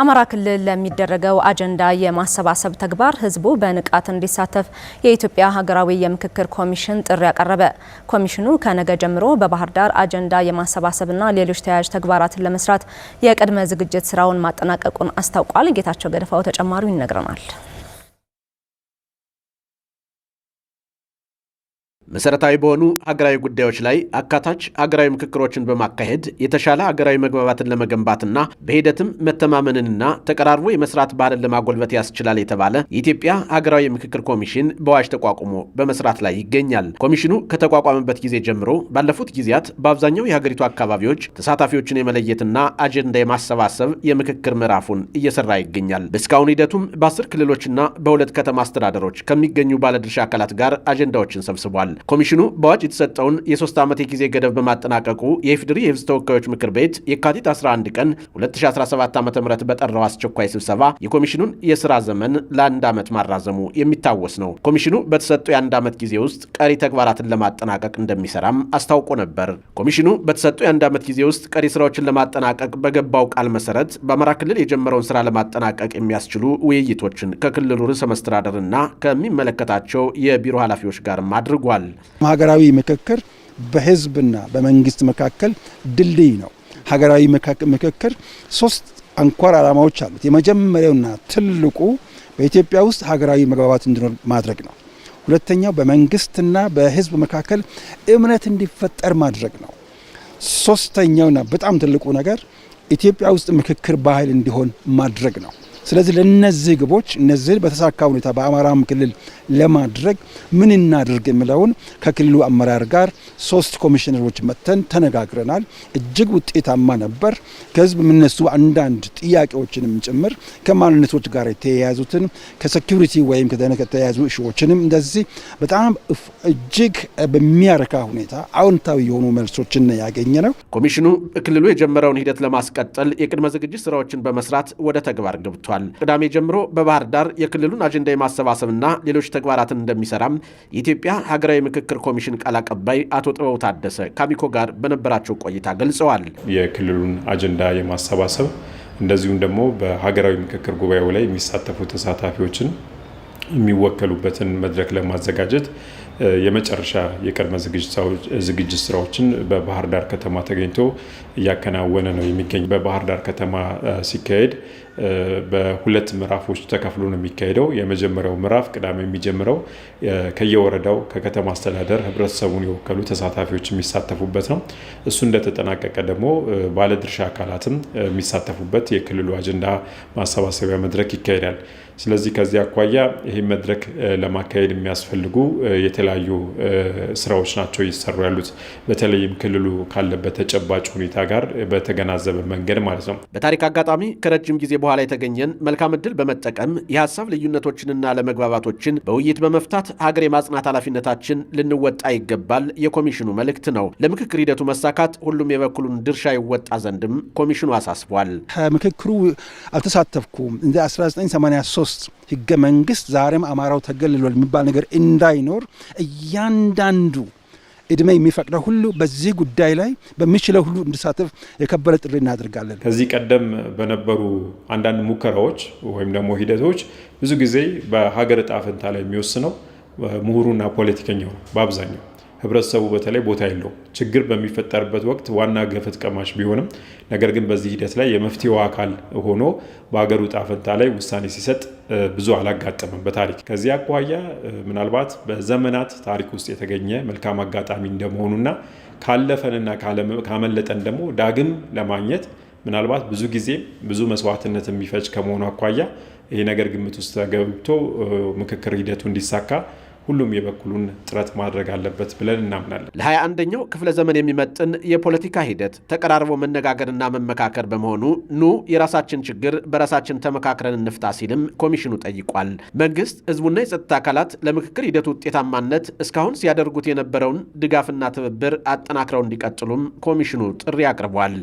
አማራ ክልል ለሚደረገው አጀንዳ የማሰባሰብ ተግባር ህዝቡ በንቃት እንዲሳተፍ የኢትዮጵያ ሀገራዊ የምክክር ኮሚሽን ጥሪ ያቀረበ። ኮሚሽኑ ከነገ ጀምሮ በባህር ዳር አጀንዳ የማሰባሰብና ሌሎች ተያያዥ ተግባራትን ለመስራት የቅድመ ዝግጅት ስራውን ማጠናቀቁን አስታውቋል። ጌታቸው ገደፋው ተጨማሪው ይነግረናል። መሰረታዊ በሆኑ ሀገራዊ ጉዳዮች ላይ አካታች ሀገራዊ ምክክሮችን በማካሄድ የተሻለ ሀገራዊ መግባባትን ለመገንባትና በሂደትም መተማመንንና ተቀራርቦ የመስራት ባህልን ለማጎልበት ያስችላል የተባለ የኢትዮጵያ ሀገራዊ የምክክር ኮሚሽን በአዋጅ ተቋቁሞ በመስራት ላይ ይገኛል። ኮሚሽኑ ከተቋቋመበት ጊዜ ጀምሮ ባለፉት ጊዜያት በአብዛኛው የሀገሪቱ አካባቢዎች ተሳታፊዎችን የመለየትና አጀንዳ የማሰባሰብ የምክክር ምዕራፉን እየሰራ ይገኛል። በእስካሁን ሂደቱም በአስር ክልሎችና በሁለት ከተማ አስተዳደሮች ከሚገኙ ባለድርሻ አካላት ጋር አጀንዳዎችን ሰብስቧል። ኮሚሽኑ በአዋጅ የተሰጠውን የሶስት ዓመት የጊዜ ገደብ በማጠናቀቁ የኢፌዴሪ የህዝብ ተወካዮች ምክር ቤት የካቲት 11 ቀን 2017 ዓ ም በጠራው አስቸኳይ ስብሰባ የኮሚሽኑን የስራ ዘመን ለአንድ ዓመት ማራዘሙ የሚታወስ ነው። ኮሚሽኑ በተሰጠው የአንድ ዓመት ጊዜ ውስጥ ቀሪ ተግባራትን ለማጠናቀቅ እንደሚሰራም አስታውቆ ነበር። ኮሚሽኑ በተሰጠው የአንድ ዓመት ጊዜ ውስጥ ቀሪ ስራዎችን ለማጠናቀቅ በገባው ቃል መሰረት በአማራ ክልል የጀመረውን ስራ ለማጠናቀቅ የሚያስችሉ ውይይቶችን ከክልሉ ርዕሰ መስተዳደርና ከሚመለከታቸው የቢሮ ኃላፊዎች ጋርም አድርጓል። ይችላል። ሀገራዊ ምክክር በህዝብና በመንግስት መካከል ድልድይ ነው። ሀገራዊ ምክክር ሶስት አንኳር ዓላማዎች አሉት። የመጀመሪያውና ትልቁ በኢትዮጵያ ውስጥ ሀገራዊ መግባባት እንዲኖር ማድረግ ነው። ሁለተኛው በመንግስትና በህዝብ መካከል እምነት እንዲፈጠር ማድረግ ነው። ሶስተኛውና በጣም ትልቁ ነገር ኢትዮጵያ ውስጥ ምክክር ባህል እንዲሆን ማድረግ ነው። ስለዚህ ለእነዚህ ግቦች እነዚህን በተሳካ ሁኔታ በአማራም ክልል ለማድረግ ምን እናድርግ የሚለውን ከክልሉ አመራር ጋር ሶስት ኮሚሽነሮች መጥተን ተነጋግረናል። እጅግ ውጤታማ ነበር። ከህዝብ የሚነሱ አንዳንድ ጥያቄዎችንም ጭምር ከማንነቶች ጋር የተያያዙትን ከሴኪሪቲ ወይም ከተያያዙ እሺዎችንም እንደዚህ በጣም እጅግ በሚያረካ ሁኔታ አዎንታዊ የሆኑ መልሶችን ያገኘ ነው። ኮሚሽኑ ክልሉ የጀመረውን ሂደት ለማስቀጠል የቅድመ ዝግጅት ስራዎችን በመስራት ወደ ተግባር ገብቷል። ቅዳሜ ጀምሮ በባህር ዳር የክልሉን አጀንዳ የማሰባሰብና ሌሎች ተግባራትን እንደሚሰራም የኢትዮጵያ ሀገራዊ ምክክር ኮሚሽን ቃል አቀባይ አቶ ጥበው ታደሰ ካሚኮ ጋር በነበራቸው ቆይታ ገልጸዋል። የክልሉን አጀንዳ የማሰባሰብ እንደዚሁም ደግሞ በሀገራዊ ምክክር ጉባኤው ላይ የሚሳተፉ ተሳታፊዎችን የሚወከሉበትን መድረክ ለማዘጋጀት የመጨረሻ የቅድመ ዝግጅት ስራዎችን በባህር ዳር ከተማ ተገኝቶ እያከናወነ ነው የሚገኝ። በባህር ዳር ከተማ ሲካሄድ በሁለት ምዕራፎች ተከፍሎ ነው የሚካሄደው። የመጀመሪያው ምዕራፍ ቅዳሜ የሚጀምረው ከየወረዳው ከከተማ አስተዳደር ህብረተሰቡን የወከሉ ተሳታፊዎች የሚሳተፉበት ነው። እሱ እንደተጠናቀቀ ደግሞ ባለድርሻ አካላትም የሚሳተፉበት የክልሉ አጀንዳ ማሰባሰቢያ መድረክ ይካሄዳል። ስለዚህ ከዚህ አኳያ ይህ መድረክ ለማካሄድ የሚያስፈልጉ የተለያዩ የተለያዩ ስራዎች ናቸው እየተሰሩ ያሉት በተለይም ክልሉ ካለበት ተጨባጭ ሁኔታ ጋር በተገናዘበ መንገድ ማለት ነው። በታሪክ አጋጣሚ ከረጅም ጊዜ በኋላ የተገኘን መልካም እድል በመጠቀም የሀሳብ ልዩነቶችንና ለመግባባቶችን በውይይት በመፍታት ሀገር የማጽናት ኃላፊነታችን ልንወጣ ይገባል የኮሚሽኑ መልእክት ነው። ለምክክር ሂደቱ መሳካት ሁሉም የበኩሉን ድርሻ ይወጣ ዘንድም ኮሚሽኑ አሳስቧል። ከምክክሩ አልተሳተፍኩም እንደ 1983 ህገ መንግስት ዛሬም አማራው ተገልሏል የሚባል ነገር እንዳይኖር እያንዳንዱ እድሜ የሚፈቅደው ሁሉ በዚህ ጉዳይ ላይ በሚችለው ሁሉ እንድሳተፍ የከበረ ጥሪ እናደርጋለን። ከዚህ ቀደም በነበሩ አንዳንድ ሙከራዎች ወይም ደግሞ ሂደቶች ብዙ ጊዜ በሀገር እጣ ፈንታ ላይ የሚወስነው ምሁሩና ፖለቲከኛው በአብዛኛው ህብረተሰቡ በተለይ ቦታ የለው። ችግር በሚፈጠርበት ወቅት ዋና ገፈት ቀማሽ ቢሆንም ነገር ግን በዚህ ሂደት ላይ የመፍትሄው አካል ሆኖ በሀገሩ ዕጣ ላይ ውሳኔ ሲሰጥ ብዙ አላጋጠምም በታሪክ ከዚህ አኳያ ምናልባት በዘመናት ታሪክ ውስጥ የተገኘ መልካም አጋጣሚ እንደመሆኑና ካለፈንና ካመለጠን ደግሞ ዳግም ለማግኘት ምናልባት ብዙ ጊዜ ብዙ መስዋዕትነት የሚፈጅ ከመሆኑ አኳያ ይሄ ነገር ግምት ውስጥ ተገብቶ ምክክር ሂደቱ እንዲሳካ ሁሉም የበኩሉን ጥረት ማድረግ አለበት ብለን እናምናለን። ለሀያ አንደኛው ክፍለ ዘመን የሚመጥን የፖለቲካ ሂደት ተቀራርቦ መነጋገርና መመካከር በመሆኑ ኑ የራሳችን ችግር በራሳችን ተመካክረን እንፍታ ሲልም ኮሚሽኑ ጠይቋል። መንግስት፣ ህዝቡና የጸጥታ አካላት ለምክክር ሂደቱ ውጤታማነት እስካሁን ሲያደርጉት የነበረውን ድጋፍና ትብብር አጠናክረው እንዲቀጥሉም ኮሚሽኑ ጥሪ አቅርቧል።